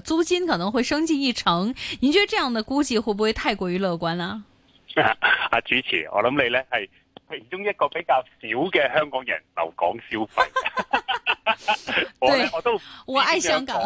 租金可能會升近一成，你覺得這樣的估計會不會太過於樂觀啦、啊？啊，主持，我諗你呢係其中一個比較少嘅香港人留港消費。對，我都我愛香港，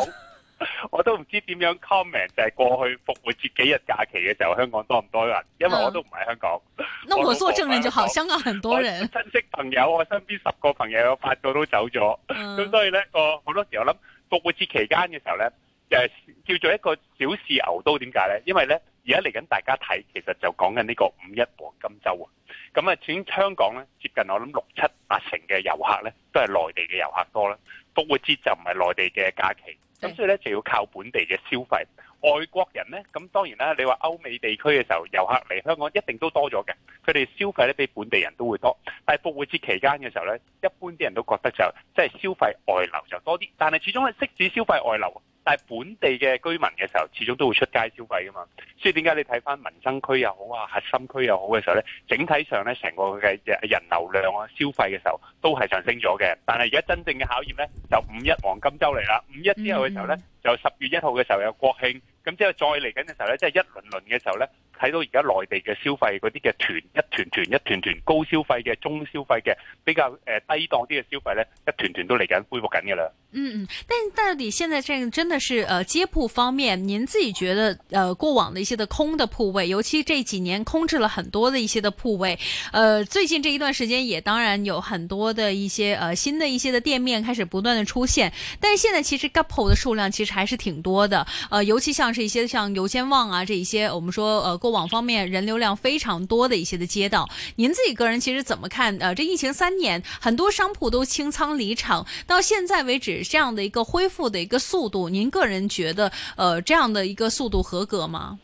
我都唔知點樣 comment，就係過去復活節幾日假期嘅時候，香港多唔多人？因為我都唔係香港。嗯、 我做證人就好， 香港很多人。我親戚朋友，我身邊十個朋友有八個都走咗，咁、嗯、所以呢我好多時候諗復活節期間嘅時候呢。誒叫做一個小試牛刀，點解呢？因為呢，而家嚟緊大家睇，其實就講緊呢個五一黃金週啊。咁、嗯、啊，整香港呢，接近我諗六七八成嘅遊客呢，都係內地嘅遊客多啦。復活節就唔係內地嘅假期，咁、嗯、所以呢，就要靠本地嘅消費。外國人呢，咁、嗯、當然啦。你話歐美地區嘅時候，遊客嚟香港一定都多咗嘅，佢哋消費呢，比本地人都會多。但係復活節期間嘅時候呢，一般啲人都覺得就即係消費外流就多啲，但係始終係識止消費外流。但係本地嘅居民嘅時候，始終都會出街消費噶嘛，所以點解你睇翻民生區又好啊、核心區又好嘅時候咧，整體上咧成個嘅人流量啊、消費嘅時候都係上升咗嘅。但係而家真正嘅考驗咧，就五一黃金週嚟啦，五一之後嘅時候咧，就十月一號嘅時候有國慶，咁之後再嚟緊嘅時候咧，即係一輪輪嘅時候咧。睇到而家內地嘅消費嗰啲嘅團一團團一團團，一團，團高消費嘅、中消費嘅比較誒低檔啲嘅消費咧，一團團都嚟緊恢復緊嘅啦。嗯，嗯，但到底現在真係真的是呃，街鋪方面，您自己覺得呃，過往的一些的空的鋪位，尤其這幾年空置了很多的一些的鋪位。呃，最近這一段時間也當然有很多的一些呃，新的一些的店面開始不斷的出現，但係現在其實吉鋪的數量其實還是挺多的。呃，尤其像是一些像油尖旺啊，這一些我們說誒、呃往方面人流量非常多的一些的街道，您自己個人其實怎麼看？呃，這疫情三年，很多商鋪都清倉離場，到現在為止，這樣的一個恢復的一個速度，您個人覺得，呃，這樣的一個速度合格嗎？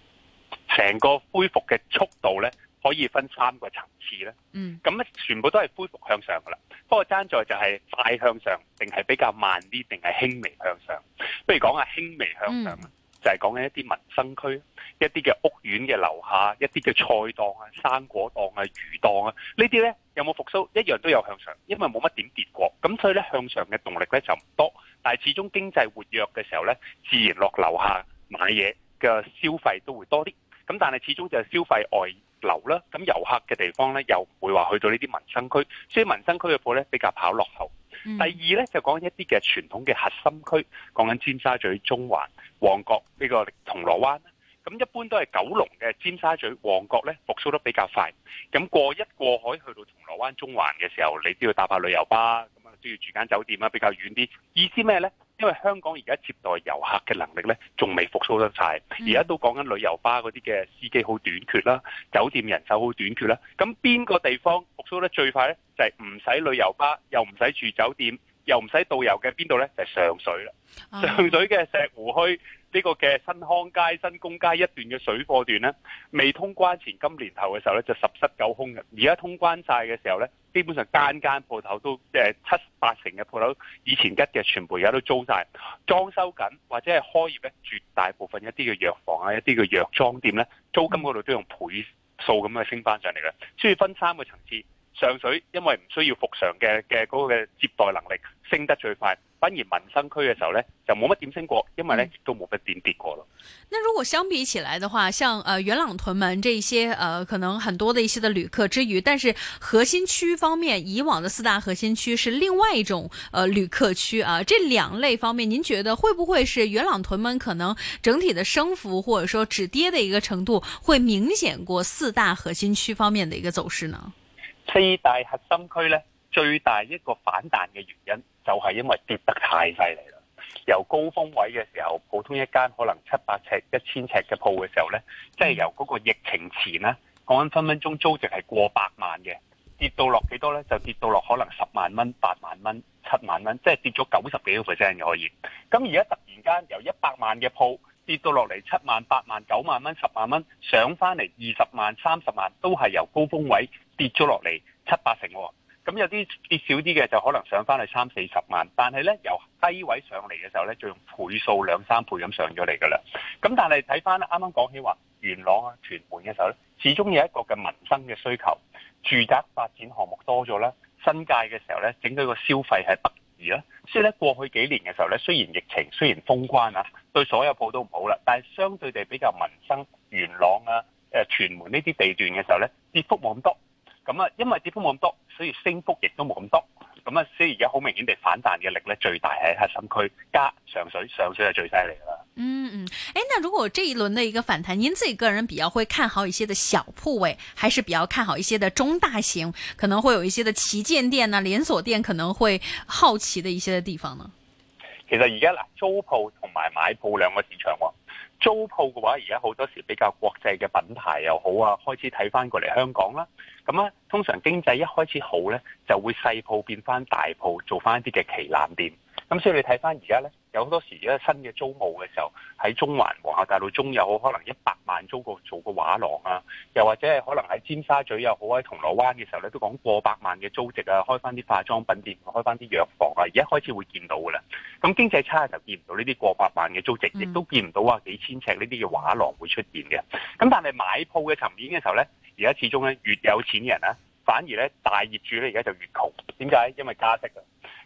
成個恢復嘅速度咧，可以分三個層次咧。嗯。咁咧，全部都係恢復向上噶啦。不過，爭在就係快向上，定係比較慢啲，定係輕微向上？不如講下輕微向上，嗯就係講緊一啲民生區，一啲嘅屋苑嘅樓下，一啲嘅菜檔啊、生果檔啊、魚檔啊，呢啲呢有冇復甦？一樣都有向上，因為冇乜點跌過，咁所以呢向上嘅動力呢就唔多。但係始終經濟活躍嘅時候呢，自然落樓下買嘢嘅消費都會多啲。咁但係始終就係消費外流啦，咁遊客嘅地方呢，又唔會話去到呢啲民生區，所以民生區嘅鋪呢，比較跑落後。嗯、第二呢，就講一啲嘅傳統嘅核心區，講緊尖沙咀、中環、旺角呢個銅鑼灣。咁一般都係九龍嘅尖沙咀、旺角呢，復甦得比較快。咁過一過海去到銅鑼灣、中環嘅時候，你都要搭下旅遊巴，咁啊都要住間酒店啊，比較遠啲。意思咩呢？因為香港而家接待遊客嘅能力呢，仲未復甦得晒。而家、嗯、都講緊旅遊巴嗰啲嘅司機好短缺啦，酒店人手好短缺啦，咁邊個地方復甦得最快呢？就係唔使旅遊巴，又唔使住酒店，又唔使導遊嘅邊度呢？就係、是、上水啦，哦、上水嘅石湖墟。呢個嘅新康街、新公街一段嘅水貨段呢，未通關前今年頭嘅時候呢，就十室九空嘅。而家通關晒嘅時候呢，基本上間間鋪頭都即係、就是、七八成嘅鋪頭，以前一嘅全部而家都租晒。裝修緊或者係開業咧，絕大部分一啲嘅藥房啊，一啲嘅藥妝店呢，租金嗰度都用倍數咁嘅升翻上嚟嘅。所以分三個層次，上水因為唔需要復常嘅嘅嗰個嘅接待能力，升得最快。反而民生區嘅時候呢，就冇乜點升過，因為呢都冇乜點跌過咯。嗯。那如果相比起來的話，像呃元朗屯門這一些呃可能很多的一些的旅客之餘，但是核心區方面，以往的四大核心區是另外一種呃旅客區啊，這兩類方面，您覺得會不會是元朗屯門可能整體的升幅或者說止跌的一個程度會明顯過四大核心區方面的一個走勢呢？四大核心區呢，最大一個反彈嘅原因。就係因為跌得太犀利啦，由高峰位嘅時候，普通一間可能七百尺、一千尺嘅鋪嘅時候呢，即係由嗰個疫情前咧，講緊分分鐘租值係過百萬嘅，跌到落幾多呢？就跌到落可能十萬蚊、八萬蚊、七萬蚊，即係跌咗九十幾個 percent 可以。咁而家突然間由一百萬嘅鋪跌到落嚟七萬、八萬、九萬蚊、十萬蚊，上翻嚟二十萬、三十萬都係由高峰位跌咗落嚟七八成喎。咁有啲跌少啲嘅就可能上翻去三四十萬，但係呢，由低位上嚟嘅時候呢，就用倍數兩三倍咁上咗嚟㗎啦。咁但係睇翻啱啱講起話元朗啊、屯門嘅時候呢，始終有一個嘅民生嘅需求，住宅發展項目多咗啦，新界嘅時候呢，整到個消費係不宜啦。所以呢，過去幾年嘅時候呢，雖然疫情、雖然封關啊，對所有鋪都唔好啦，但係相對地比較民生元朗啊、誒屯門呢啲地段嘅時候呢，跌幅冇咁多。咁啊，因為跌幅冇咁多，所以升幅亦都冇咁多。咁啊，所以而家好明顯地反彈嘅力呢，最大喺核心區，加上水，上水係最犀利㗎喇。嗯嗯，哎、欸，那如果這一輪嘅一個反彈，您自己個人比較會看好一些的小鋪位，還是比較看好一些的中大型，可能會有一些的旗艦店啊、連鎖店，可能會好奇的一些的地方呢？其實而家嗱，租鋪同埋買鋪兩個市場喎。租鋪嘅話，而家好多時比較國際嘅品牌又好啊，開始睇翻過嚟香港啦。咁啊，通常經濟一開始好咧，就會細鋪變翻大鋪，做翻一啲嘅旗艦店。咁所以你睇翻而家咧，有好多時而家新嘅租務嘅時候，喺中環皇后大道中又好，可能一百萬租個做個畫廊啊，又或者係可能喺尖沙咀又好，喺銅鑼灣嘅時候咧，都講過百萬嘅租值啊，開翻啲化妝品店，開翻啲藥房啊，而家開始會見到噶啦。咁經濟差就見唔到呢啲過百萬嘅租值，亦都見唔到啊幾千尺呢啲嘅畫廊會出現嘅。咁但係買鋪嘅層面嘅時候咧，而家始終咧越有錢人啊。反而咧，大業主咧而家就越窮，點解？因為加息啊！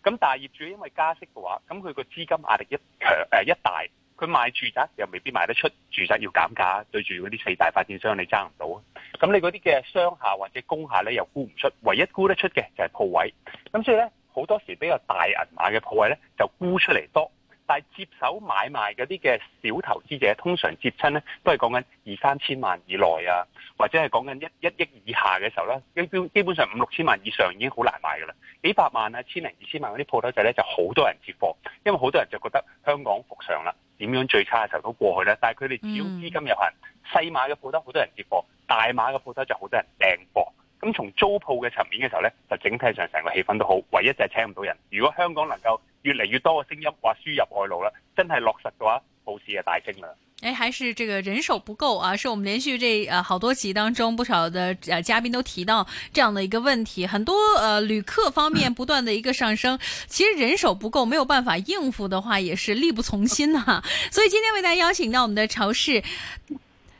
咁大業主因為加息嘅話，咁佢個資金壓力一強、呃、一大，佢賣住宅又未必賣得出，住宅要減價，對住嗰啲四大發展商你，那你爭唔到啊！咁你嗰啲嘅商廈或者工廈咧又沽唔出，唯一沽得出嘅就係鋪位，咁所以咧好多時比較大銀碼嘅鋪位咧就沽出嚟多。但係接手買賣嗰啲嘅小投資者，通常接親咧都係講緊二三千萬以內啊，或者係講緊一一億以下嘅時候呢，基本上五六千萬以上已經好難買噶啦，幾百萬啊、千零二千萬嗰啲鋪頭仔咧就好多人接貨，因為好多人就覺得香港復常啦，點樣最差嘅時候都過去咧。但係佢哋只要資金有限，細碼嘅鋪頭好多人接貨，大碼嘅鋪頭就好多人掟貨。咁從租鋪嘅層面嘅時候咧，就整體上成個氣氛都好，唯一就係請唔到人。如果香港能夠越嚟越多嘅聲音話輸入外勞啦，真係落實嘅話，好事就大升了誒、哎，還是這個人手唔夠啊？係我們連續這呃好多集當中，不少的呃嘉賓都提到這樣的一個問題，很多呃旅客方面不斷嘅一個上升，其實人手唔夠，沒有辦法應付嘅話，也是力不從心啊。所以今天為大家邀請到我們的潮式。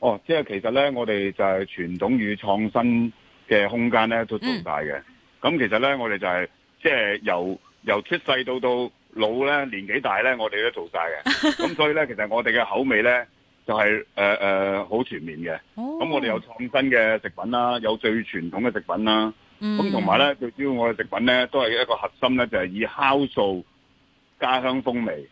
哦，即係其實咧，我哋就係傳統與創新嘅空間咧都做晒嘅。咁、嗯、其實咧，我哋就係、是、即係由由出世到到老咧，年紀大咧，我哋都做晒嘅。咁 所以咧，其實我哋嘅口味咧就係誒誒好全面嘅。咁、哦、我哋有創新嘅食品啦，有最傳統嘅食品啦。咁同埋咧，最主要我哋食品咧都係一個核心咧，就係、是、以酵素家鄉風味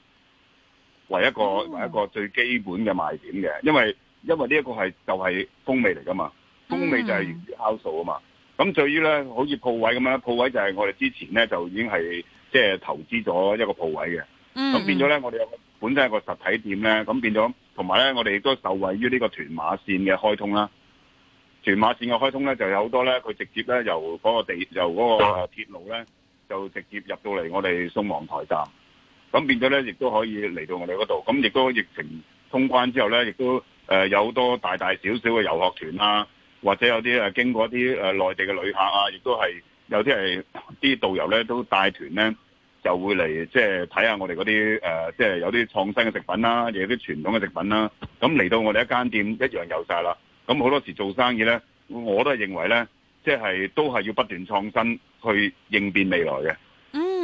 為一個、哦、為一個最基本嘅賣點嘅，因為。因為呢一個係就係、是、風味嚟噶嘛，風味就係酵素啊嘛。咁、嗯、至於咧，好似鋪位咁樣，鋪位就係我哋之前咧就已經係即係投資咗一個鋪位嘅。咁、嗯、變咗咧，我哋本身係個實體店咧，咁變咗同埋咧，我哋亦都受惠於呢個屯馬線嘅開通啦。屯馬線嘅開通咧，就有好多咧，佢直接咧由嗰個地，由嗰個鐵路咧就直接入到嚟我哋宋皇臺站。咁變咗咧，亦都可以嚟到我哋嗰度。咁亦都疫情通關之後咧，亦都。誒、呃，有好多大大小小嘅遊學團啊，或者有啲誒經過一啲誒內地嘅旅客啊，亦都係有啲係啲導遊咧都帶團咧，就會嚟即係睇下我哋嗰啲誒，即、呃、係、就是、有啲創新嘅食品啦、啊，有啲傳統嘅食品啦、啊。咁嚟到我哋一間店，一樣遊晒啦。咁好多時做生意咧，我都係認為咧，即、就、係、是、都係要不斷創新，去應變未來嘅。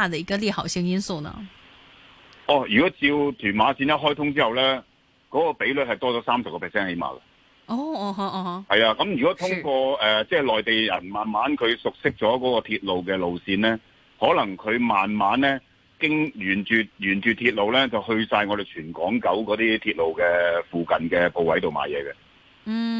大嘅一個利好性因素呢？哦，如果照屯馬線一開通之後呢，嗰、嗰個比率係多咗三十個 percent 起碼嘅。哦哦，哦好。係啊，咁如果通過誒是、呃，即係內地人慢慢佢熟悉咗嗰個鐵路嘅路線呢，可能佢慢慢呢，經沿住沿住鐵路呢，就去晒我哋全港九嗰啲鐵路嘅附近嘅舖位度買嘢嘅。嗯。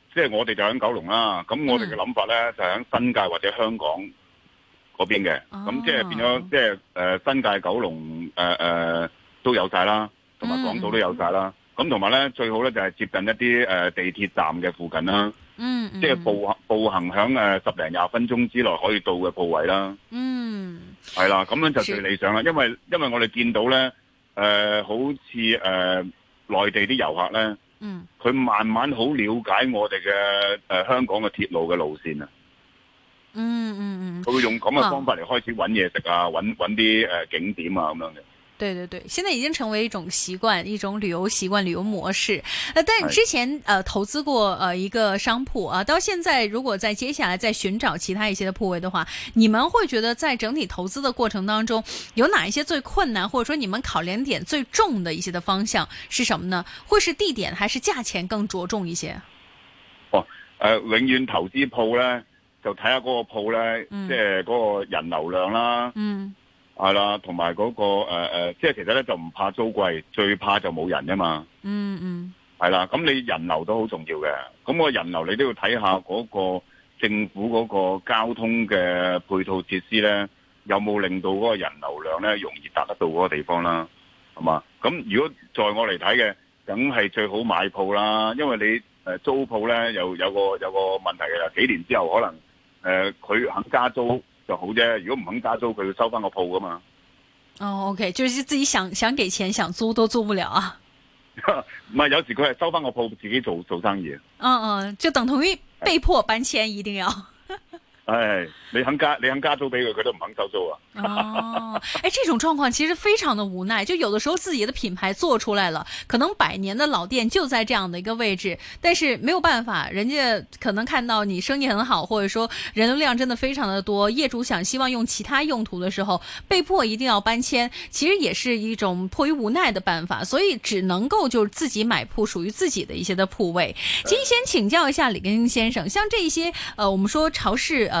即係我哋就喺九龍啦，咁我哋嘅諗法咧、mm. 就喺新界或者香港嗰邊嘅，咁即係變咗即係誒、呃、新界九龍誒誒都有晒啦，同埋港島都有晒啦，咁同埋咧最好咧就係接近一啲誒、呃、地鐵站嘅附近啦，mm hmm. 即係步行步行響誒十零廿分鐘之內可以到嘅部位啦，係啦、mm，咁、hmm. 樣就最理想啦，因為因為我哋見到咧誒、呃、好似誒內地啲遊客咧。嗯，佢慢慢好了解我哋嘅誒香港嘅鐵路嘅路線啊，嗯嗯嗯、啊，嗯嗯嗯，佢會用咁嘅方法嚟開始揾嘢食啊，揾揾啲誒景點啊咁樣嘅。對對對，現在已經成為一種習慣，一種旅遊習慣、旅遊模式。呃，但之前是呃投資過呃一個商鋪啊，到現在如果在接下來再尋找其他一些的鋪位的話，你們會覺得在整體投資的過程當中，有哪一些最困難，或者說你們考量點最重的一些的方向是什麼呢？會是地點還是價錢更着重一些？哦，呃，永遠投資鋪呢，就睇下嗰個鋪呢，即係嗰個人流量啦。嗯。係啦，同埋嗰個誒誒、呃，即係其實咧就唔怕租貴，最怕就冇人啫嘛。嗯嗯，係、嗯、啦，咁你人流都好重要嘅。咁個人流你都要睇下嗰個政府嗰個交通嘅配套設施咧，有冇令到嗰個人流量咧容易達得到嗰個地方啦？係嘛。咁如果在我嚟睇嘅，梗係最好買鋪啦，因為你誒租鋪咧又有個有個問題嘅啦，幾年之後可能誒佢、呃、肯加租。就好啫，如果唔肯加租，佢要收翻個鋪噶嘛。哦、oh, OK，就係自己想想俾錢想租都租不了啊。唔係， 有時佢係收翻個鋪，自己做做生意。嗯嗯，就等同於被迫搬遷，一定要。 哎，你肯加你肯加租俾佢，佢都唔肯收租啊！哦，oh, 哎，這種狀況其實非常的無奈，就有的時候自己的品牌做出來了，可能百年的老店就在這樣的一個位置，但是沒有辦法，人家可能看到你生意很好，或者說人流量真的非常的多，業主想希望用其他用途的時候，被迫一定要搬遷，其實也是一種迫於無奈的辦法，所以只能夠就自己買鋪屬於自己的一些的鋪位。今天先請教一下李根興先生，像這一些，呃，我們說潮式，呃。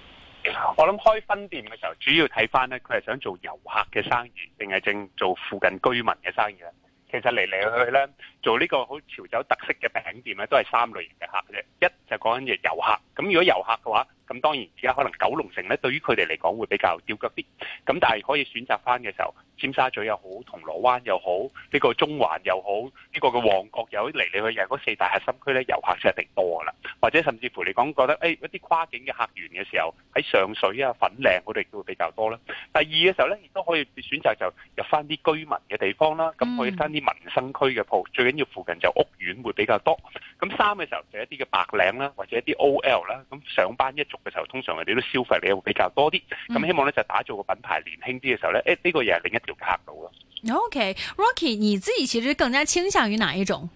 我諗開分店嘅時候，主要睇翻咧，佢係想做遊客嘅生意，定係正做附近居民嘅生意咧？其實嚟嚟去去咧。做呢個好潮州特色嘅餅店咧，都係三類型嘅客嘅啫。一就講緊嘅遊客，咁如果遊客嘅話，咁當然而家可能九龍城咧，對於佢哋嚟講會比較吊腳啲。咁但係可以選擇翻嘅時候，尖沙咀又好，銅鑼灣又好，呢個中環又好，呢個嘅旺角又好，嚟嚟去去嗰四大核心區咧，遊客就一定多啦。或者甚至乎你講覺得誒一啲跨境嘅客源嘅時候，喺上水啊、粉嶺，嗰度亦都會比較多啦。第二嘅時候咧，亦都可以選擇就入翻啲居民嘅地方啦，咁去翻啲民生區嘅鋪，嗯，最咁要附近就屋苑會比較多，咁三嘅時候就一啲嘅白領啦，或者一啲 OL 啦，咁上班一族嘅時候，通常佢哋都消費嘅會比較多啲，咁希望咧就打造個品牌年輕啲嘅時候咧，誒呢個又係另一條客路咯。OK，Rocky，你自己其實更加傾向於哪一種？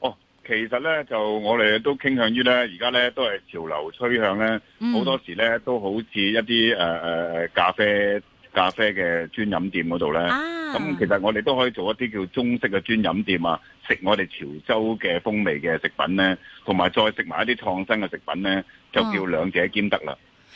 哦，其實咧就我哋都傾向於咧，而家咧都係潮流趨向咧，嗯，好多時咧都好似一啲誒誒咖啡。咖啡嘅專飲店嗰度咧，咁、啊、其實我哋都可以做一啲叫中式嘅專飲店啊，食我哋潮州嘅風味嘅食品咧，同埋再食埋一啲創新嘅食品咧，就叫兩者兼得啦。嗯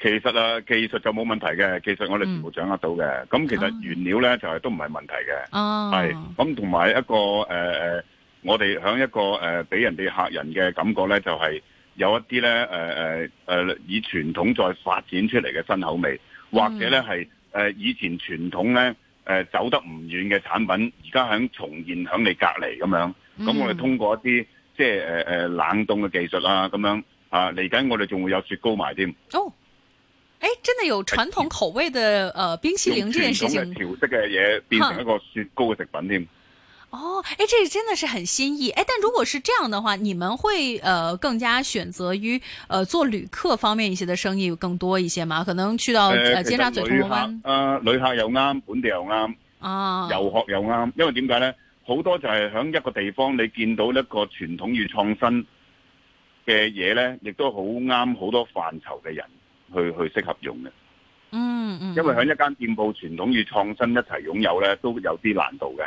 其實啊，技術就冇問題嘅，技術我哋全部掌握到嘅。咁、嗯、其實原料咧、啊、就係都唔係問題嘅，係咁同埋一個誒、呃、我哋喺一個誒俾、呃、人哋客人嘅感覺咧，就係、是、有一啲咧誒誒以傳統再發展出嚟嘅新口味，嗯、或者咧係誒以前傳統咧誒、呃、走得唔遠嘅產品，而家喺重現喺你隔離咁樣。咁、嗯、我哋通過一啲即係誒、呃、冷凍嘅技術啦、啊、咁樣啊嚟緊我哋仲會有雪糕賣添。哦誒，真的有傳統口味的，呃，冰淇淋這件事情，用傳統嘅調色嘅嘢變成一個雪糕嘅食品添。哦，誒，這真的是很新意，誒，但如果是這樣的話，你們會，呃，更加選擇於，呃做旅客方面一些的生意更多一些嗎？可能去到尖沙咀旅客，呃，旅客又啱，本地又啱，哦、啊，遊學又啱，因為點解呢？好多就係響一個地方，你見到一個傳統與創新嘅嘢呢，亦都好啱好多範疇嘅人。去去適合用嘅，嗯，嗯嗯，因為喺一間店鋪傳統與創新一齊擁有咧，都有啲難度嘅。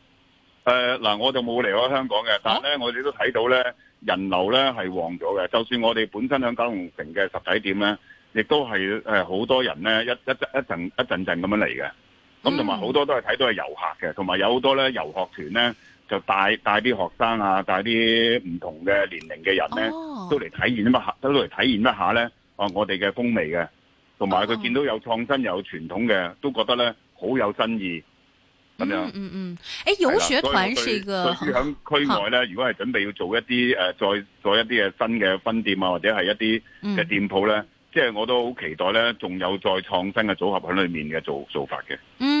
誒，嗱、呃，我就冇離開香港嘅，但係咧，啊、我哋都睇到咧人流咧係旺咗嘅。就算我哋本身響九龍城嘅實體店咧，亦都係誒好多人咧一一陣一陣一陣陣咁樣嚟嘅。咁同埋好多都係睇到係遊客嘅，同埋有好多咧遊學團咧就帶帶啲學生啊，帶啲唔同嘅年齡嘅人咧、哦，都嚟體驗一下，都嚟體驗一下咧、啊。我哋嘅風味嘅，同埋佢見到有創新又有傳統嘅，都覺得咧好有新意。咁樣，嗯嗯，嗯，誒，遊學團，是一個好好。區外咧，如果係準備要做一啲誒，再、呃、再做一啲嘅新嘅分店啊，或者係一啲嘅店鋪咧，嗯、即係我都好期待咧，仲有再創新嘅組合喺裏面嘅做做法嘅。嗯。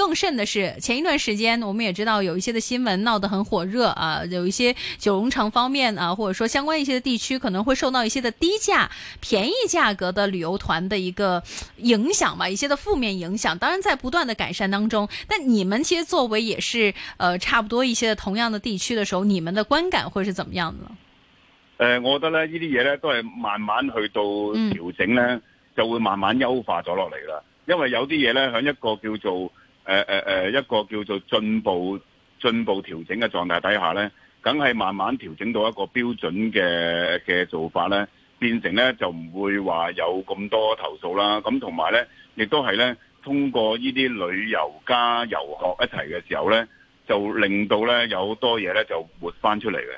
更甚的是，前一段時間我們也知道有一些的新聞鬧得很火熱啊，有一些九龍城方面啊，或者說相關一些的地區可能會受到一些的低價、便宜價格的旅遊團的一個影響吧，一些的負面影響。當然在不斷的改善當中。但你們其實作為也是呃差不多一些的同樣的地區的時候，你們的觀感會是怎麼樣的呢？誒、呃，我覺得呢，呢啲嘢呢都係慢慢去到調整呢，嗯、就會慢慢優化咗落嚟啦。因為有啲嘢呢響一個叫做誒誒誒一個叫做進步進步調整嘅狀態底下咧，梗係慢慢調整到一個標準嘅嘅做法咧，變成咧就唔會話有咁多投訴啦。咁同埋咧，亦都係咧通過呢啲旅遊加遊學一齊嘅時候咧，就令到咧有好多嘢咧就活返出嚟嘅。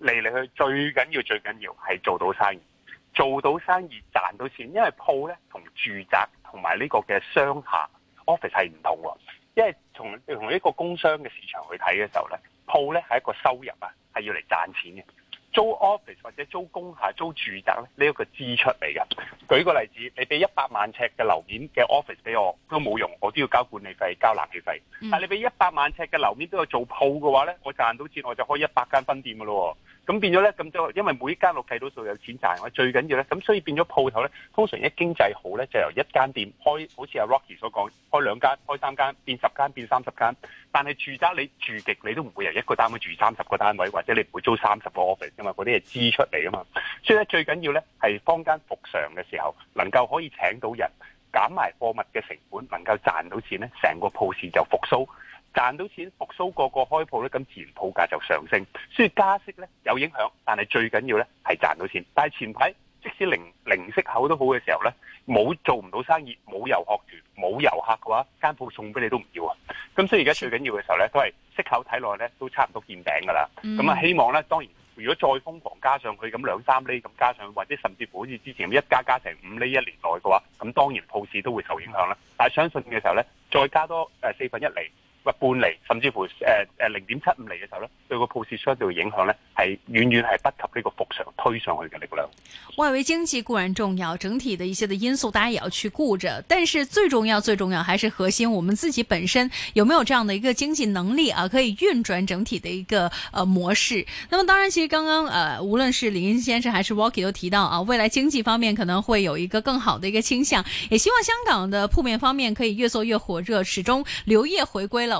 嚟嚟去，最緊要，最緊要係做到生意，做到生意賺到錢，因為鋪咧同住宅同埋呢個嘅商廈 office 係唔同喎，因為同同一個工商嘅市場去睇嘅時候咧，鋪咧係一個收入啊，係要嚟賺錢嘅。租 office 或者租工廈、租住宅咧，呢、這、一個支出嚟嘅。舉個例子，你俾一百萬尺嘅樓面嘅 office 俾我，都冇用，我都要交管理費、交冷氣費。嗯、但你俾一百萬尺嘅樓面都要做鋪嘅話咧，我賺到錢我就開一百間分店㗎咯。咁變咗咧咁就因為每一間六計到數有錢賺，我最緊要咧，咁所以變咗鋪頭咧，通常一經濟好咧，就由一間店開，好似阿 Rocky 所講，開兩間、開三間，變十間、變三十間。但係住宅你住極你都唔會由一個單位住三十個單位，或者你唔會租三十個 office，因為嗰啲係支出嚟啊嘛。所以咧最緊要咧係坊間復常嘅時候，能夠可以請到人，減埋貨物嘅成本，能夠賺到錢咧，成個鋪市就復甦。賺到錢復甦個個開鋪咧，咁自然鋪價就上升，所以加息咧有影響，但係最緊要咧係賺到錢。但係前排即使零零息口都好嘅時候咧，冇做唔到生意，冇遊客團，冇遊客嘅話，間鋪送俾你都唔要啊！咁所以而家最緊要嘅時候咧，都係息口睇落咧都差唔多見頂噶啦。咁啊、嗯，希望咧，當然如果再瘋狂加上佢咁兩三厘咁加上，或者甚至乎好似之前一加加成五厘一年內嘅話，咁當然鋪市都會受影響啦。但係相信嘅時候咧，再加多誒四分一厘，或半厘，甚至乎誒誒零點七五厘嘅時候咧，對個鋪市相對影響咧，係遠遠係不及呢個幅上推上去嘅力量。外圍經濟固然重要，整體的一些的因素，大家也要去顧着。但是最重要、最重要還是核心，我們自己本身有沒有這樣的一個經濟能力啊，可以運轉整體的一個誒、呃、模式。那麼當然，其實剛剛誒、呃，無論是李英先生還是 Rocky 都提到啊，未來經濟方面可能會有一個更好的一個傾向，也希望香港的鋪面方面可以越做越火熱，始終旅遊業回歸了。